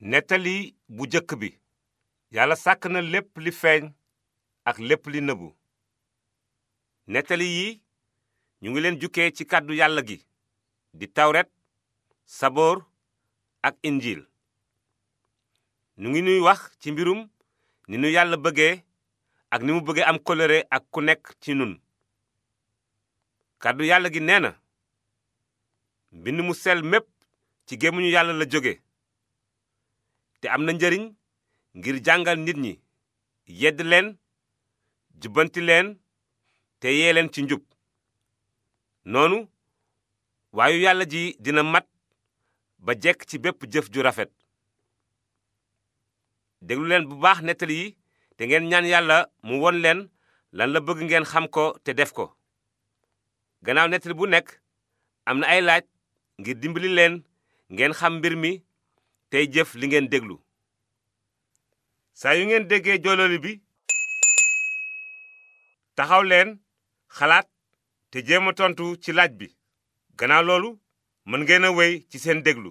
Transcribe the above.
nettali bu jëkk bi yàlla sàkk na lépp li feeñ ak lépp li nëbu nettali yi ñu ngi leen jukkee ci kàddu yàlla gi di tawret saboor ak injil ñu ngi nuy wax ci mbirum ni nu yàlla bëggee ak ni mu bëggee am kóllëre ak ku nekk ci nun kàddu yàlla gi nee na mbind mu sel mépp ci gémmiñu yàlla la jóge te am na njariñ ngir jàngal nit ñi yedd leen jubbanti leen te yee leen ci njub noonu waayu yàlla ji dina mat ba jekk ci bépp jëf ju rafet déglu leen bu baax nettali yi te ngeen ñaan yàlla mu won leen lan la bëgg ngeen xam ko te def ko gannaaw nettali bu nekk am na ay laaj ngir dimbali leen ngeen xam mbir mi tey jëf li ngeen déglu saa yu ngeen déggee joololi bi taxaw leen xalaat te jéem a tontu ci laaj bi gannaaw loolu mën ngeen a wéy ci seen déglu